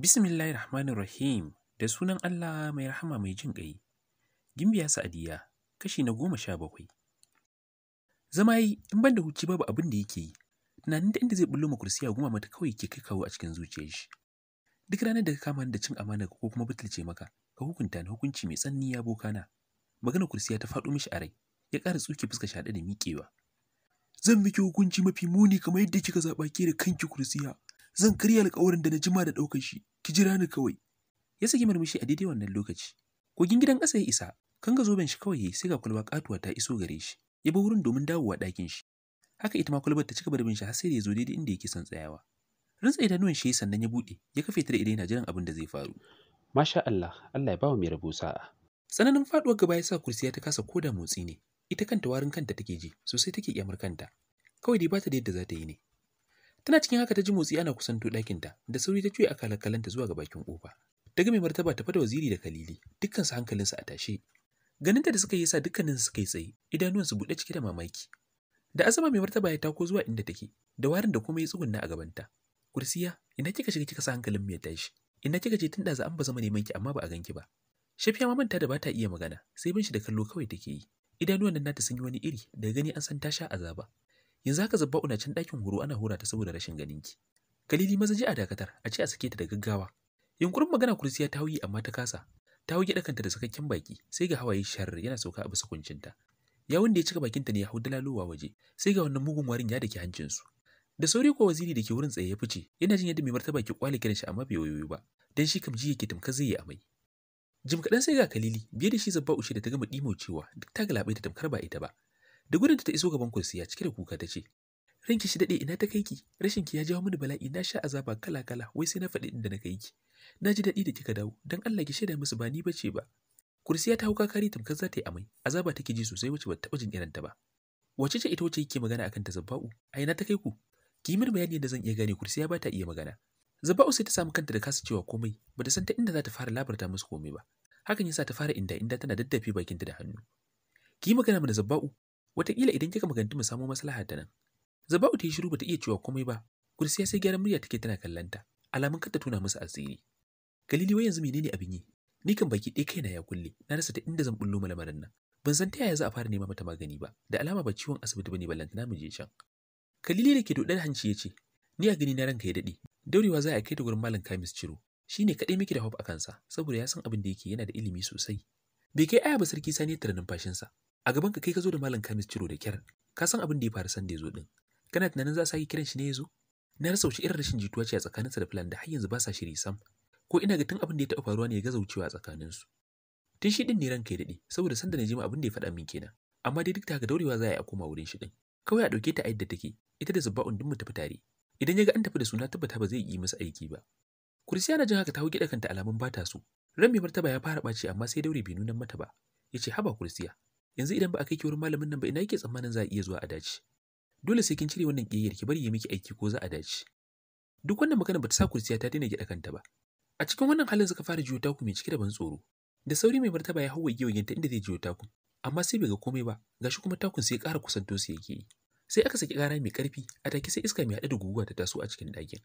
Bismillahir Rahmanir Rahim da sunan Allah mai rahama mai jin ƙai. Gimbiya Sa'adiyya kashi na goma sha bakwai. Zama yi in ban da huci babu abin da yake yi, tunanin da inda zai bullo makursi ya goma mata kawai ke kai kawo a cikin zuciyar shi. Duk ranar da ka kama da cin amana ko kuma butulce maka, ka hukunta ni hukunci mai tsanani ya bokana. Magana kursiya ta faɗo mishi a rai, ya ƙara tsuke fuska shaɗe da miƙewa. zan miki hukunci mafi muni kamar yadda kika zaɓa ke da kanki kursiya zan karya alƙawarin da na jima da ɗaukar shi ki jira ni kawai ya saki murmushi a daidai wannan lokaci kogin gidan ƙasa ya isa kan ga zoben shi kawai sai ga kwalba katuwa ta iso gare shi ya bi wurin domin dawowa ɗakin shi haka ita ma kwalbar ta cika barbin shi har sai da ya zo daidai inda yake son tsayawa rantsa nuwan shi sannan ya buɗe ya kafe ta da idan yana jiran abin da zai faru masha Allah Allah ya bawa mai rabo sa'a tsananin faduwar gaba ya sa kursiya ta kasa koda motsi ne ita kanta warin kanta take ji sosai take kyamar kanta kawai dai ba ta da yadda za ta yi ne tana cikin haka ta ji motsi ana kusanto ɗakinta da sauri ta cuye kalakalanta zuwa ga bakin ƙofa daga mai martaba ta fada waziri da kalili dukkansu hankalinsu a tashe ganinta da suka yi sa dukkaninsu suka kai tsaye idanuwansu buɗe cike da mamaki da azama mai martaba ya tako zuwa inda take da warin da kuma ya tsugunna a gabanta kursiya ina kika shiga kika sa hankalin mu ya tashi ina kika je tun da za an ba zama neman ki amma ba a ganki ba shafiya ma manta da ba ta iya magana sai bin shi da kallo kawai take yi idanuwan nan nata sun yi wani iri daga gani an san ta sha azaba yanzu haka zabba una can dakin huru ana hura ta saboda rashin ganin ki. kalili maza ji a dakatar a ce a sake ta da gaggawa yunkurin magana kursiya ta hauyi amma ta kasa ta hauyi kanta da sakakken baki sai ga hawaye shar yana sauka a bisa kuncinta yawun da ya cika bakinta ne ya hau dalalowa waje sai ga wannan mugun warin ya dake hancinsu da sauri ko waziri da ke wurin tsaye ya fice yana jin yadda mai martaba ke kwale kiran shi amma bai wayoyi ba dan shi kam ji yake tamkar zai yi amai Jim kaɗan sai ga Kalili biye da shi zabba ushe da ta gama cewa duk ta galabai da tamkar ba ita ba. Da gudanta ta iso gaban kursiya cike da kuka ta ce, Ranki shi daɗe ina ta kai ki, rashin ki ya jawo mini bala'i na sha azaba kala-kala wai sai na faɗi inda na kai ki. Na ji daɗi da kika dawo, don Allah ki shaida musu ba ni bace ba. Kursiya ta hau kakari tamkar za ta yi amai, azaba take ji sosai wacce ba taɓa jin irin ta ba. Wace ce ita wacce yake magana akan ta zabba'u? A ina ta kai ku? Ki yi min bayani yadda zan iya gane kursiya ba ta iya magana. Zaba'u sai ta samu kanta da kasa cewa komai, ba ta san ta inda za ta fara labarta musu komai ba. Hakan yasa ta fara inda inda tana daddafe bakinta da hannu. Ki magana mana Zaba'u, wataƙila idan kika maganti mu samu maslaha ta nan. Zaba'u ta yi shiru ba ta iya cewa komai ba, Gursiya sai gyaran murya take tana kallanta, alamun kar tuna musu asiri. Galili wai yanzu menene abin yi? Ni kan baki ɗaya kaina ya kulle, na rasa ta inda zan bullo lamarin nan. Ban san ta yaya za a fara nema mata magani ba, da alama ba ciwon asibiti bane ballantana mu je can. Kalili da ke dodar hanci ya ce, Ni a gani na ranka ya daɗe, daurewa za a kai da gurin malam kamis ciro shi ne kaɗai muke da hope a kansa saboda ya san abin da yake yana da ilimi sosai bai kai aya ba sarki sani tare numfashinsa a gaban ka kai ka zo da malam kamis ciro da kyar ka san abin da ya faru sanda ya zo din kana tunanin za a sake kiran shi ne ya zo na rasa wuce irin rashin jituwa ce a tsakaninsa da filan da har yanzu ba sa shiri sam ko ina ga tun abin da ya taɓa faruwa ne ya gaza wucewa a tsakaninsu tun shi din ne ranka ya daɗe saboda sanda na ji ma abin da ya faɗa min kenan amma dai duk da haka daurewa za a yi a koma wurin shi din kawai a ɗauke ta a yadda take ita da zubba'un din mu tafi tare Idan ya ga an tafi da su na tabbata ba zai yi masa aiki ba. Kursiya na jin haka ta hau kanta alamun ba ta so. Ran mai martaba ya fara ɓaci amma sai daure bai nuna mata ba. Ya ce haba kursiya. Yanzu idan ba a kai ki wurin malamin nan ba ina yake tsammanin za a iya zuwa a dace. Dole sai kin cire wannan ƙiyayyar ki bari ya miki aiki ko za a dace. Duk wannan magana bata sa kursiya ta daina gida kanta ba. A cikin wannan halin suka fara jiyo taku mai cike da ban tsoro. Da sauri mai martaba ya hau giyoyinta inda zai jiyo taku Amma sai bai ga komai ba, gashi kuma takun sai ƙara kusanto su yake yi. sai aka saki ƙara mai ƙarfi a take sai iska mai haɗe da guguwa ta taso a cikin ɗakin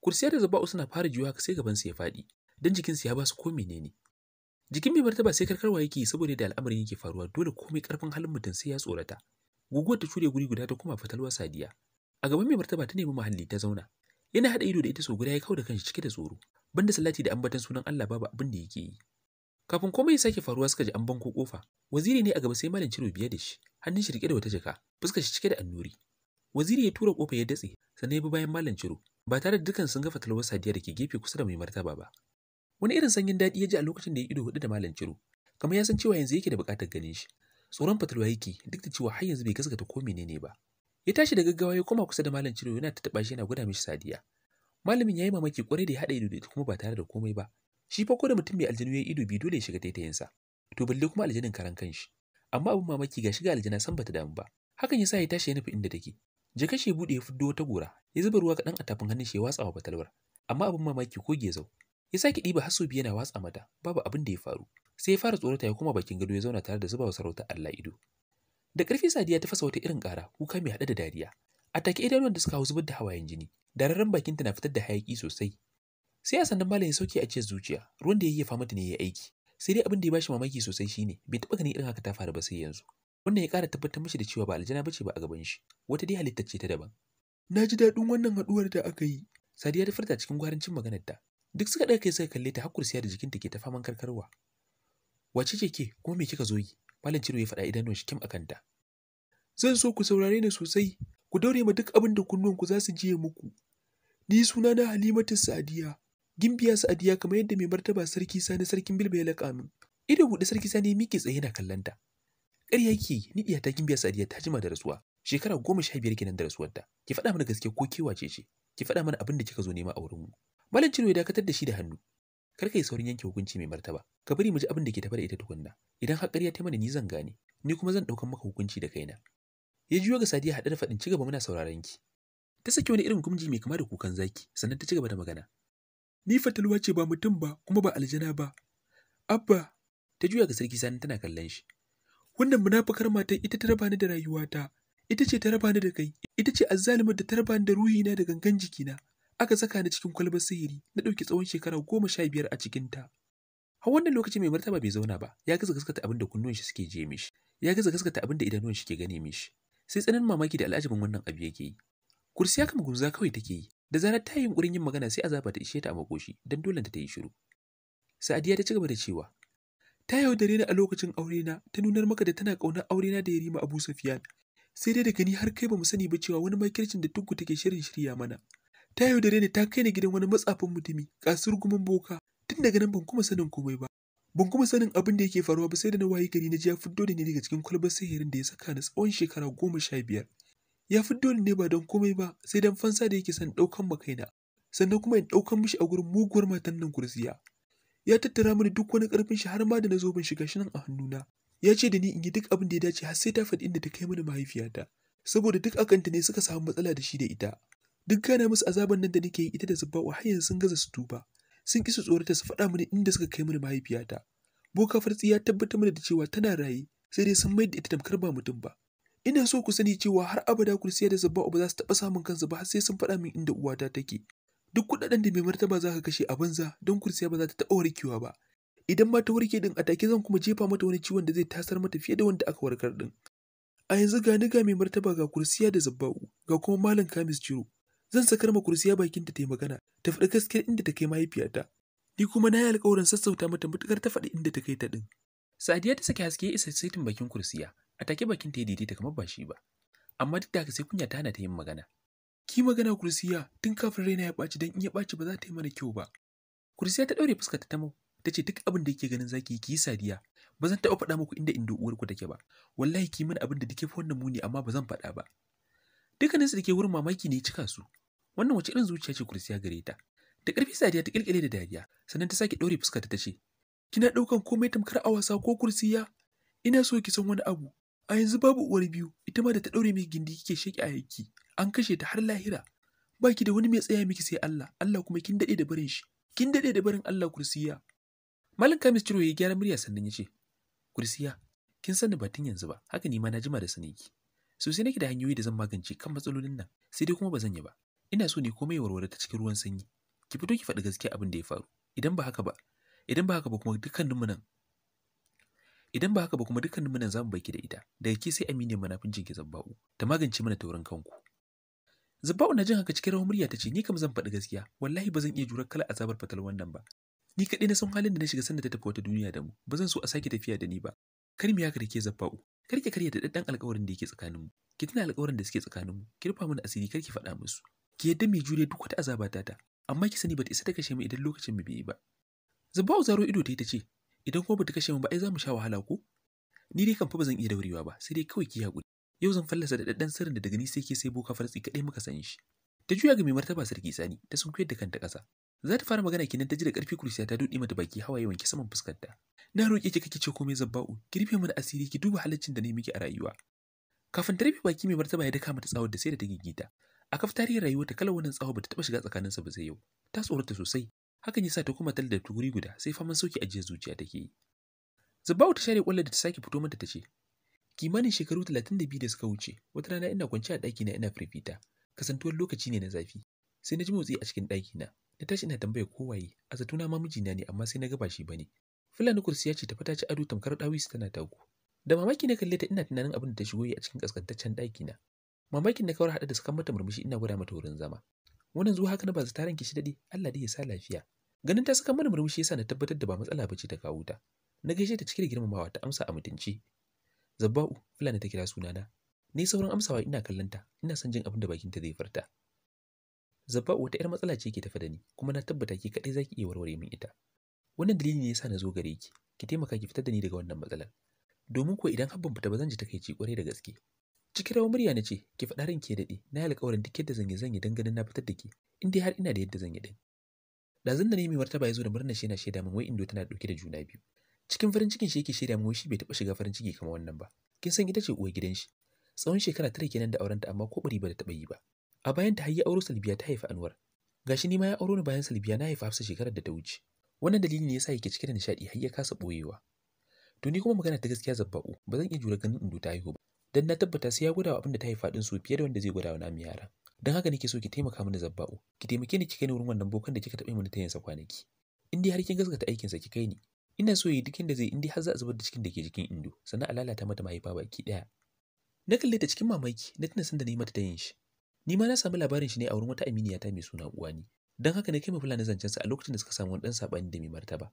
Kursiyar da zaba'u suna fara juyawa sai gaban su ya faɗi don jikinsu ya ba su ko menene jikin mai martaba sai karkarwa yake saboda da al'amarin yake faruwa dole komai ƙarfin halin mutum sai ya tsorata guguwar ta cure guri guda ta kuma fatalwa sadiya a gaban mai martaba ta nemi muhalli ta zauna yana haɗa ido da ita so guda ya kawo da kanshi cike da tsoro banda salati da ambatan sunan Allah babu abin da yake yi Kafin komai ya sake faruwa suka ji an banko kofa. Waziri ne a gaba sai Malam Ciro biye da shi, hannun shi rike da wata jaka, fuskar shi cike da annuri. Waziri ya tura kofa ya datse, sannan ya bi bayan Malam Ciro, ba tare da dukan sun ga fatalwar Sadiya da ke gefe kusa da mai martaba ba. Wani irin sanyin daɗi ya ji a lokacin da ya ido hudu da Malam Ciro, kamar ya san cewa yanzu yake da buƙatar ganin shi. Tsoron fatalwa yake duk da cewa har yanzu bai gaskata ko menene ba. Ya tashi da gaggawa ya koma kusa da Malam Ciro yana tattaɓa shi yana gwada mishi Sadiya. Malamin ya yi mamaki kwarai da ya haɗa ido da kuma ba tare da komai ba, shi fa ko da mutum mai aljanu ya yi ido biyu dole ya shiga sa to balle kuma aljanin karan kanshi amma abin mamaki ga shiga aljana san bata damu ba hakan yasa ya tashi ya nufi inda take je shi bude ya fuddo wata gora ya zuba ruwa kadan a tafin hannun shi ya watsa wa batalwar amma abin mamaki ko zau ya sake ɗiba haso biyu yana watsa mata babu abin da ya faru sai ya fara tsorata ya koma bakin gado ya zauna tare da zubawa sarauta Allah ido da ƙarfi sadiya ta fasa wata irin ƙara kuka mai haɗe da dariya a take idanuwan da suka hau zubar da hawayen jini dararren bakinta na fitar da hayaki sosai sai a sannan malam ya sauke a ce zuciya ruwan da ya yayyafa mata ne ya aiki sai dai abin da ya bashi mamaki sosai shine bai taba ganin irin haka ta faru ba sai yanzu wannan ya ƙara tabbatar mishi da cewa ba aljana bace ba a gaban shi wata dai halitta ce ta daban na ji daɗin wannan haɗuwar da aka yi sadiya ta furta cikin gwarancin maganar ta duk suka ɗaga kai suka kalle ta hakkur siya da jikinta ke ta faman karkarwa wace ce ke kuma me kika zo yi malam ciro ya faɗa idanuwan shi kim akan ta zan so ku saurare ni sosai ku daure ma duk abin da kunnuwanku za su je muku ni suna na halimatu sadiya Gimbiya Sa'adiya kamar yadda mai martaba sarki Sani sarkin Bilba ya laƙa Ido buɗe sarki Sani ya miƙe tsaye yana ta Ƙarya yake ni ta Gimbiya Sa'adiya ta jima da rasuwa. Shekara goma sha biyar kenan da rasuwar ta Ki faɗa mana gaske ko ke wace ce. Ki faɗa mana abin da kika zo nema a wurin mu. Malam Ciro ya dakatar da shi da hannu. Kar ka yi saurin yanke hukunci mai martaba. Ka bari mu ji abin da ke tafa da ita tukunna. Idan har ƙarya ta mana ni zan gane. Ni kuma zan ɗaukan maka hukunci da kaina. Ya juyo ga Sadiya haɗe da faɗin gaba muna sauraron ki. Ta saki wani irin gumji mai kama da kukan zaki sannan ta cigaba da magana. Ni fatalwa ce ba mutum ba kuma ba aljana ba. Abba, ta juya ga sarki sani tana kallon shi. Wannan munafukar matar ita ta raba ni da rayuwata, ita ce ta raba ni da kai, ita ce azzalimar da ta raba ni da ruhina da gangan jikina. Aka saka ni cikin kwalbar sihiri, na ɗauki tsawon shekara goma sha biyar a cikinta. Har wannan lokaci mai martaba bai zauna ba, ya gaza gaskata abin da kunnuwan shi suke je mishi, ya gaza gaskata abin da idanuwan shi ke gane mishi. Sai tsananin mamaki da al'ajabin wannan abu yake yi. Kursi ya kama gumza kawai take yi, Da zarar ta yi yunƙurin yin magana sai azaba ta ishe ta a makoshi don dole ta yi shiru. Sa'adiya ta ci gaba da cewa, Ta yaudare ni a lokacin aurena ta nunar maka da tana ƙaunar aurena da Yarima Abu Sufyan. Sai dai daga ni har kai ba mu sani ba cewa wani makircin da Tuggu take shirin shirya mana. Ta yaudare ni ta kai ni gidan wani matsafin mutumi, kasur gumin boka, tun daga nan ban kuma sanin komai ba. Ban kuma sanin abin da yake faruwa ba sai da na wayi gari na ji ya fiddo da ni daga cikin kwalbar sihirin da ya saka ni tsawon shekara goma sha biyar. ya fi dole ne ba don komai ba sai don fansa da yake son ɗaukan makaina sannan kuma in ɗaukan mishi a gurin muguwar matan nan kursiya ya tattara mini duk wani ƙarfin shi har ma da na zo ban shiga shi nan a hannuna ya ce da ni in yi duk abin da ya dace har sai ta faɗi inda ta kai mini mahaifiyata saboda duk akanta ne suka samu matsala da shi da ita duk gana musu azaban nan da nake yi ita da zubba'u har yanzu sun gaza su duba, sun ƙi su tsorata su faɗa mini inda suka kai mini mahaifiyata boka fartsi ya tabbatar mini da cewa tana raye sai dai sun mai da ita tamkar ba mutum ba ina so ku sani cewa har abada kursiya da zabba ba za su taɓa samun kansu ba har sai sun faɗa min inda uwata take duk kuɗaɗen da mai martaba za ka kashe a banza don kursiya ba za ta taɓa warkewa ba idan ma ta warke din a take zan kuma jefa mata wani ciwon da zai tasar mata fiye da wanda aka warkar din a yanzu ga ni ga mai martaba ga kursiya da zabba'u ga kuma malam kamis ciro zan sakar ma kursiya bakin ta yi magana ta faɗi gaskiyar inda ta kai mahaifiyata ni kuma na yi alƙawarin sassauta mata matuƙar ta faɗi inda ta kai ta ɗin sadiya ta saki haske isa saitin bakin kursiya a take bakin ta ya daidaita kamar ba shi ba amma duk da haka sai kunya ta hana ta yin magana ki magana kursiya tun kafin raina ya ɓaci don in ya ɓaci ba za ta yi mana kyau ba kursiya ta ɗaure fuskar ta tamo ta ce duk abin da yake ganin zaki ki yi sadiya ba zan taɓa faɗa muku inda inda ku take ba wallahi ki mana abin da dake fa wannan muni amma ba zan faɗa ba dukkaninsu da ke wurin mamaki ne cika su wannan wace irin zuciya ce kursiya gare ta da ƙarfi sadiya ta ƙirƙire da dariya sannan ta sake ɗaure fuskar ta ce kina ɗaukan komai tamkar a wasa ko kursiya ina so ki san wani abu A yanzu babu uwar biyu, ita ma da ta ɗaure miki gindi kike sheki a yaki, an kashe ta har lahira. Ba ki da wani mai tsaya miki sai Allah, Allah kuma kin daɗe da barin shi, kin daɗe da barin Allah kursiya. Malam Kamis Ciro ya gyara murya sannan ya ce, Kursiya, kin san sani batun yanzu ba, haka ni ma na jima da sani ki. Sosai nake da hanyoyi da zan magance kan matsalolin nan, sai dai kuma ba zan yi ba. Ina so ne komai warware ta cikin ruwan sanyi. Ki fito ki faɗi gaskiya abin da ya faru. Idan ba haka ba, idan ba haka ba kuma dukkaninmu nan Idan ba haka ba kuma dukkanin mu nan zamu baki da ita. Daga ke sai Aminu manafin jinki Zabba'u ta magance mana taurin kanku. Zabba'u na jin haka cikin rawar murya ta ce ni kam zan faɗi gaskiya wallahi ba zan iya jurar kala azabar fatal wannan ba. Ni kaɗai na san halin da na shiga sanda ta tafi wata duniya da mu ba zan so a sake tafiya da ni ba. Kar mu ya da ke Zabba'u kar ki karya da daddan alƙawarin da yake mu. Ki tuna alƙawarin da suke mu ki rufa mana asiri kar ki faɗa musu. Ki yadda mai jure duk wata azaba ta amma ki sani bata isa ta kashe mu idan lokacin mu bai yi ba. Zabba'u zaro ido ta yi ta ce idan kuma bata kashe mu ba ai zamu sha wahala ko ni dai kan fa bazan iya daurewa ba sai dai kawai ki hakuri yau zan fallasa da daddan sirrin da daga ni sai ke sai boka fartsi kadai muka san shi ta juya ga mai martaba sarki sani ta sunkuyar da kanta ƙasa za ta fara magana kenan ta ji da ƙarfi kursiya ta duɗe mata baki hawaye wanke saman fuskarta na roƙe ki kake ce komai zabba'u ki rufe mana asiri ki duba halaccin da ne miki a rayuwa kafin ta rufe baki mai martaba ya daka mata tsawon da sai da ta gigita a kaf tarihin rayuwarta kalar wannan tsawo bata taɓa shiga tsakaninsa ba sai yau ta tsorata sosai hakan ya sa ta koma tal da ta guda sai faman sauki ajiyar zuciya take yi zubawu ta share kwallar da ta sake fito mata ta ce kimanin shekaru talatin da biyu da suka wuce wata rana ina kwance a ɗakina ina firfita kasantuwar lokaci ne na zafi sai na ji motsi a cikin ɗakina na tashi ina tambaya ko waye a na ma mijina ne amma sai na ga ba shi bane fulani kursi ya ce ta ta ci ado tamkar su tana tagu da mamaki na kalle ta ina tunanin abin da ta shigo yi a cikin kaskantaccen ɗakina mamakin na kawar haɗa da sakan mata murmushi ina gwada mata wurin zama wannan zuwa haka na ba zata shi daɗi Allah dai ya sa lafiya Ganin ta saka mana murmushi yasa na tabbatar da ba matsala ba ce ta kawo ta. Na gaishe ta cikin da girmamawa ta amsa a mutunci. Zabba'u Fulani ta kira sunana. Ni sauran amsawa ina kallon ta, ina son jin abin da bakin bakinta zai farta. Zabba'u wata 'yar matsala ce ke tafa da ni, kuma na tabbata ki kaɗai zaki ki iya warware min ita. Wannan dalili ne yasa na zo gare ki, ki taimaka ki fitar da ni daga wannan matsalar. Domin kuwa idan habban fita ba zan ji takaici kwarai da gaske. Cikin rawar murya na ce, ki faɗa ranki ke daɗe, na yi alƙawarin duk yadda zan yi zan yi don na fitar da ki, in har ina da yadda zan yi zan da ne mai martaba ya zo da murna shi yana shaida min wai Indo tana dauke da juna biyu. Cikin farin cikin shi yake shaida min wai shi bai taɓa shiga farin ciki kamar wannan ba. Kin san ita ce uwar gidan shi. Tsawon shekara tare kenan da aurenta amma ko bari ba da taɓa ba. A bayan ta hayya auro Salbiya ta haifa Anwar. Gashi ni ma ya auro ni bayan Salbiya na haifa Hafsa shekarar da ta wuce. Wannan dalili ne yasa yake cike da nishadi har ya kasa ɓoyewa. To ni kuma magana ta gaskiya zabba'u ba zan iya jure ganin Indo ta haihu ba. Dan na tabbata sai ya gwada abin da ta haifa din su fiye da wanda zai gwada wa yara. don haka nake so ki taimaka mini zabba'u ki taimake ni ki kai ni wurin wannan bokan da kika taɓa mini tayin sa kwanaki in dai har kin gaskata aikin sa ki kai ni ina so yi dukin da zai in dai har za a zubar da cikin da ke jikin indo sannan a lalata mata mahaifa baki daya na kalle ta cikin mamaki na tuna sanda na nayi mata tayin shi ni ma na samu labarin shi ne a wurin wata aminiya ta mai suna uwani don haka na kai ma fulani zancen sa a lokacin da suka samu wani dan sabani da mai martaba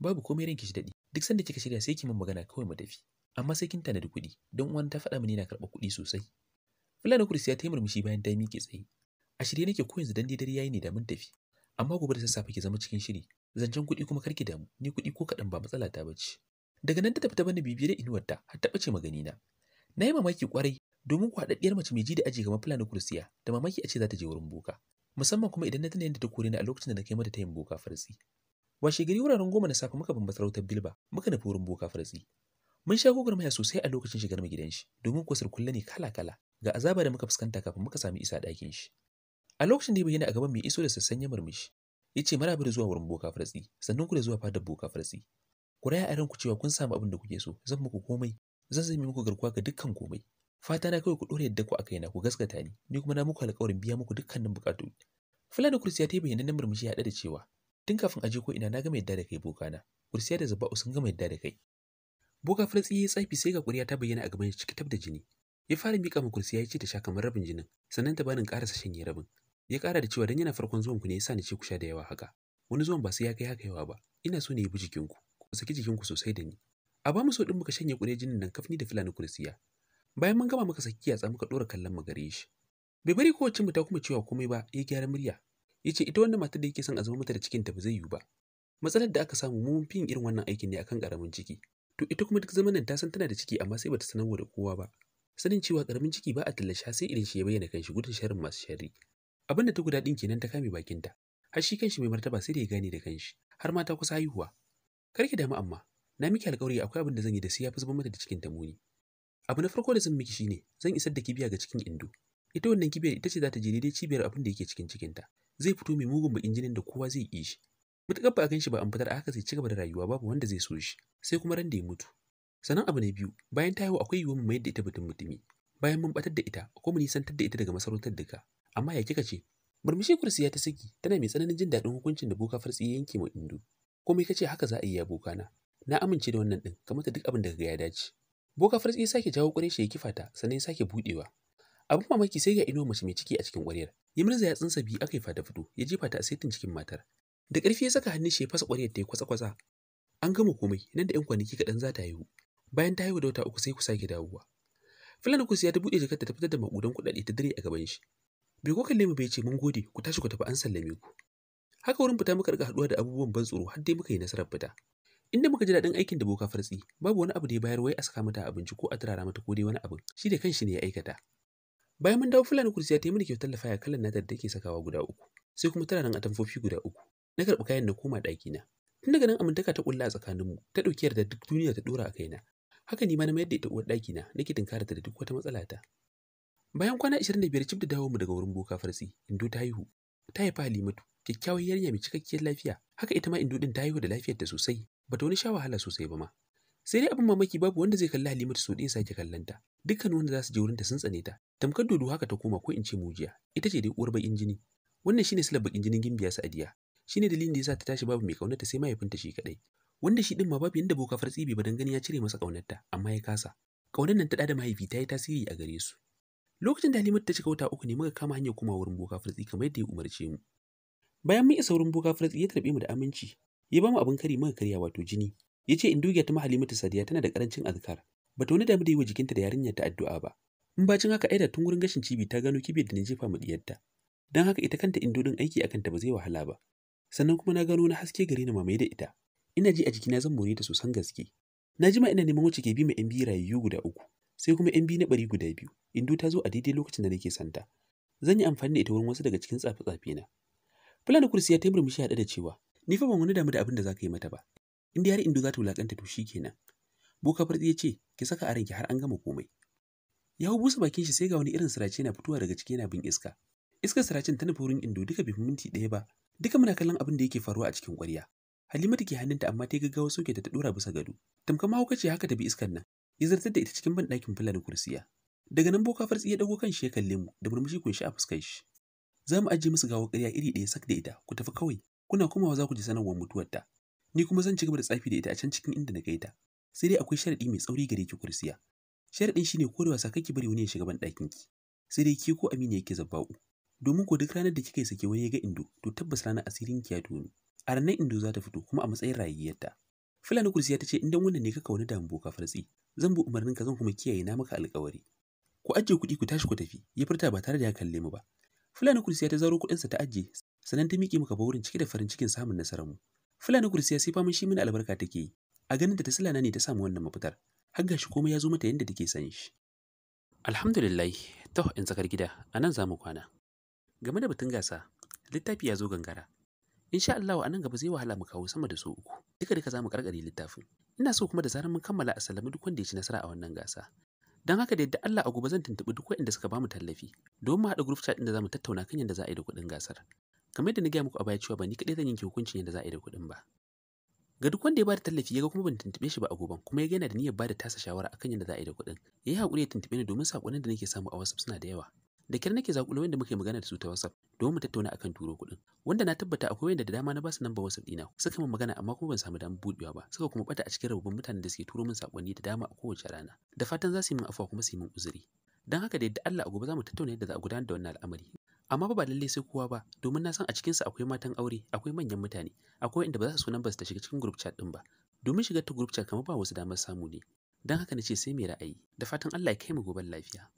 babu komai ranki shi dadi duk sanda kika shirya sai ki mun magana kawai mu tafi amma sai kin da kuɗi don uwan ta faɗa mini na karɓa kuɗi sosai na Kudus ya taimur mishi bayan ta miki tsaye. A shirye nake ko yanzu dan dare yayi ne da mun tafi. Amma gobe da sassafe ki zama cikin shiri. Zancen kuɗi kuma karki damu. Ni kuɗi ko kaɗan ba matsala ta bace. Daga nan ta tafi ta bani bibiyar inuwarta har ta bace magani na. Na yi mamaki kwarai domin ku kwaɗaɗɗiyar mace mai ji da aji kamar Fulani Kursiya da mamaki a ce za ta je wurin boka. Musamman kuma idan na tana yadda ta kore ni a lokacin da na kai mata tayin boka farsi. Washe gari wuraren goma na safe muka bambata rautar Bilba muka nufi wurin boka farsi. Mun sha gwagwarmaya sosai a lokacin shigar mu gidan shi domin kusur kulle ne kala-kala ga azaba da muka fuskanta kafin muka sami isa ɗakin shi a lokacin da ya bayyana a gaban mai iso da sassan ya murmushi ya ce maraba da zuwa wurin boka fartsi sannan ku da zuwa fadar boka fartsi ku raya a ranku cewa kun samu abin da kuke so zan muku komai zan zame muku garkuwa ga dukkan komai fata na kawai ku ɗora yadda ku aka yana ku gaskata ni ni kuma na muku alƙawarin biya muku dukkanin buƙatu fulani kursiya ta yi bayyana murmushi ya da cewa tun kafin aje ko ina na gama yadda da kai bokana kursiya da zaba'u sun gama yadda da kai boka fartsi ya yi tsafi sai ga ƙuriya ta bayyana a gaban shi da jini ya fara miƙa min kursi ya ce ta sha kamar rabin jinin sannan ta bani ƙarasa shanye rabin ya ƙara da cewa dan yana farkon zuwan ku ne yasa ni ce ku sha da yawa haka wani zuwan ba sai ya kai haka yawa ba ina so ne yi bi jikinku ku saki ku sosai da ni a ba mu so din muka shanye ƙure jinin nan kafni da fulani kursiya bayan mun gama muka saki yatsa muka ɗora kallon mu gare shi bai bari ko mu ta kuma cewa komai ba ya gyara murya ya ce ita wannan matar da yake son a zama mata da cikin ba zai yiwu ba matsalar da aka samu mun fi irin wannan aikin ne akan karamin ciki to ita kuma duk zamanin ta san tana da ciki amma sai bata sanarwa da kowa ba sanin cewa karamin ciki ba a tallasha sai idan shi ya bayyana kanshi gudun sharrin masu sharri abin da ta guda din kenan ta kame bakinta har shi kanshi mai martaba sai da ya gane da kanshi har ma ta kusa haihuwa Kar ki damu amma na miki alƙawari akwai abin da zan yi da sai ya fi zuba mata da cikin ta muni abu na farko da zan miki shine zan isar da kibiya ga cikin indo ita wannan kibiyar ita ce za ta je daidai cibiyar abin da yake cikin cikinta zai fito mai mugun bakin jinin da kowa zai yi shi mutakar ba a gan ba an fitar a haka sai ci gaba da rayuwa babu wanda zai so shi sai kuma ran da ya mutu sannan abu na biyu bayan ta haihu akwai yiwuwar mu mayar da ita mutum mutumi bayan mun batar da ita ko mu nisantar da ita daga masarautar duka amma ya kika ce murmushi Kursi ya ta saki tana mai tsananin jin daɗin hukuncin da boka fartsi ya yanke ma indo komai kace haka za a yi ya boka na na amince da wannan din kamar ta duk abin da ga ya dace boka fartsi ya sake jawo ƙwarai shi ya kifata sannan ya sake buɗewa abin mamaki sai ga ino mace mai ciki a cikin ƙwaryar ya murza tsinsa biyu aka yi fata fito ya jefa ta a saitin cikin matar da ƙarfi ya saka hannun shi ya fasa ƙwaryar ta yi kwatsa-kwatsa an gama komai nan da 'yan kwanaki kaɗan za ta haihu bayan ta haihu da wata uku sai ku sake dawowa Fulanukus ya buɗe jakar ta fitar da maƙudan kuɗaɗe ta dare a gaban shi. Bai ko kalle mu bai ce mun gode ku tashi ku tafi an sallame ku. Haka wurin fita muka riga haɗuwa da abubuwan ban tsoro har dai muka yi nasarar fita. Inda muka ji daɗin aikin da boka fartsi babu wani abu da ya bayar wai a saka mata abinci ko a turara mata ko dai wani abin shi da kanshi ne ya aikata. Bayan mun dawo Fulani Kursi ya taimaka kyautar lafaya kallon nata da take sakawa guda uku sai kuma tana turaren tamfofi guda uku. Na karɓi kayan na koma ɗakina. Tun daga nan amintaka ta ƙulla a tsakaninmu ta ɗauki yarda duk duniya ta ɗora a kaina haka ni ma na mayar da ita uwar ɗaki na nake ta da duk wata matsala ta bayan kwana 25 cif da dawo mu daga wurin boka farsi indo ta haihu ta haifa halimatu kyakkyawar yarinya mai cikakkiyar lafiya haka ita ma indo din ta haihu da lafiyar ta sosai bata wani sha wahala sosai ba ma sai dai abin mamaki babu wanda zai kalli halimatu so ɗaya sake kallon ta dukkan wanda za su je wurinta sun tsane ta tamkar dodo haka ta koma ko in ce mujiya ita ce dai uwar bakin jini wannan shine silar bakin jinin gimbiya sa'adiya shine dalilin da yasa ta tashi babu mai kaunarta sai mahaifinta shi kadai wanda shi din ma babu yanda boka fartsi bai badan gani ya cire masa ƙaunarta amma ya kasa ƙaunar nan ta da mahaifi ta yi tasiri a gare su lokacin da Halimatu ta cika wata uku ne muka kama hanyar kuma wurin boka fartsi kamar yadda ya umarce mu bayan mun isa wurin boka fartsi ya tarbe mu da aminci ya ba mu abin kari muka karya wato jini ya ce in duge ta Halimatu Sadiya tana da karancin azkar bata wani damu da yi wa jikinta da yarinyar ta addu'a ba in ba bacin haka aida tun gurin gashin cibi ta gano kibiyar da na jefa mu diyarta don haka ita kanta indodin aiki akan ta ba zai wahala ba sannan kuma na gano na haske gare ni mamaye da ita ina ji a jikina zan more ta sosan gaske na jima ina neman wacce ke bi ma yan biyu rayu guda uku sai kuma yan biyu na bari guda biyu indo ta zo a daidai lokacin da nake santa zan yi amfani da ita wurin wasu daga cikin tsafe-tsafe na fulani kursi ya taimur mishi haɗe da cewa ni fa ban wani damu da abin da za ka yi mata ba in da har indo za ta wulaƙanta to shi kenan boka farɗi ya ce ki saka a ranki har an gama komai ya hau busa bakin shi sai ga wani irin sirace na fitowa daga ciki yana bin iska iskar siracen ta nufi wurin indo duka bai minti ɗaya ba duka muna kallon abin da yake faruwa a cikin ƙwarya Halima take hannunta amma ta gaggawa soke ta dora bisa gado. Tamka ma ce haka ta bi iskan nan. Ya zartar da ita cikin ban ɗakin fulani kursiya. Daga nan boka fartsi ya dago kan shi ya kalle mu da murmushi kunshi a fuskar shi. Za mu ajiye musu gawar ƙarya iri ɗaya sak da ita ku tafi kawai kuna komawa za ku ji sanarwar mutuwarta. Ni kuma zan ci gaba da tsafi da ita a can cikin inda na kai ta. Sai dai akwai sharaɗi mai tsauri gare ki kursiya. Sharaɗin shine ko da wasa kake bari wani ya shiga ban ɗakin ki. Sai dai ki ko Aminu yake zabba'u. Domin ko duk ranar da kika yi sake wani ya ga indo to tabbas ranar asirin ki ya tono. a ranar indo za ta fito kuma a matsayin rayayyarta fulani kursiya ta ce idan wannan ne ka kauna dambu ka farsi zan bu umarnin ka zan kuma kiyaye na maka alƙawari ku ajiye kuɗi ku tashi ku tafi ya furta ba tare da ya kalle mu ba fulani kursiya ta zaro kuɗinsa ta ajiye sannan ta miƙe maka baurin cike da farin cikin samun nasarar mu fulani kursiya sai faman shi mini albarka take yi a ganin da ta silana ne ta samu wannan mafitar har gashi komai ya zo mata yadda take san shi alhamdulillah to in tsakar gida a nan za mu kwana game da batun gasa littafi ya zo gangara insha Allah a nan gaba zai wahala mu kawo sama da su uku duka duka mu karkare littafin ina so kuma da zarar mun kammala a salami duk wanda ya ci nasara a wannan gasa don haka da yadda Allah a gobe zan tuntuɓi duk waɗanda suka bamu tallafi don mu haɗa group chat inda mu tattauna kan yadda za a yi da kuɗin gasar kamar yadda na gaya muku a baya cewa ba ni kaɗai zan yanke hukuncin yadda za a yi da kuɗin ba ga duk wanda ya bada tallafi ya ga kuma ban tuntuɓe shi ba a goben kuma ya yana da niyyar bada tasa shawara akan yadda za a yi da kuɗin ya yi ya tuntuɓe ni domin saƙonin da nake samu a WhatsApp suna da yawa da kyar nake zakulo wanda muke magana da su ta WhatsApp domin mu tattauna akan turo kuɗin wanda na tabbata akwai wanda da dama na basu namba WhatsApp dina suka mun magana amma kuma ban samu damar buɗewa ba suka kuma bata a cikin rubutun mutanen da suke turo min sakonni da dama a kowace rana da fatan za su yi min afuwa kuma su yi min uzuri don haka da yadda Allah a gobe za mu tattauna yadda za a gudanar da wannan al'amari amma ba lalle sai kowa ba domin na san a cikinsa akwai matan aure akwai manyan mutane akwai inda ba za su sunan ba su ta shiga cikin group chat din ba domin shiga ta group chat kamar ba wasu damar samu ne don haka na ce sai mai ra'ayi da fatan Allah ya kai mu goben lafiya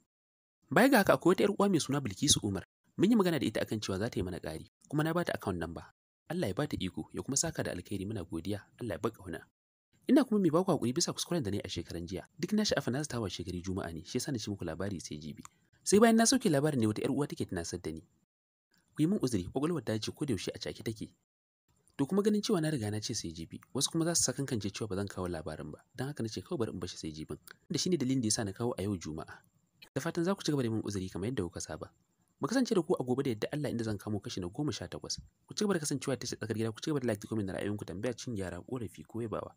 Baya ga haka akwai wata 'yar uwa mai suna Bilkisu Umar. Mun yi magana da ita akan cewa za ta yi mana ƙari, kuma na bata ta account number. Allah ya ba ta iko ya kuma saka da alkhairi muna godiya. Allah ya baka huna. Ina kuma mai baku hakuri bisa kuskuren da na yi a shekaran jiya. Duk na sha'afa na tawa shekaru Juma'a ne, shi yasa na ci muku labari sai jibi. Sai bayan na sauke labarin ne wata 'yar uwa take tunasar da ni. Ku yi min uzuri, kwakwalwar ta ce yaushe a cake take. To kuma ganin cewa na riga na ce sai jibi, wasu kuma za su sakankance cewa ba zan kawo labarin ba, don haka na ce kawai bari in bashi sai jibin. Da shine dalilin da yasa na kawo a yau Juma'a. Da fatan za ku ci gaba da min uzuri kamar yadda kuka saba. Mu kasance da ku a gobe da yadda Allah inda zan kamo kashi na goma Ku ci gaba da kasancewa ta tsakar gida ku ci gaba da like comment da ku tambaya cin gyara korafi ko yabawa.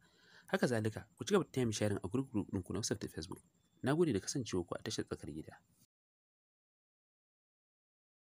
Haka zalika ku ci gaba da taya mi sharing a group group ɗinku na WhatsApp da Facebook. Na gode da kasancewa ku a tashar tsakar gida.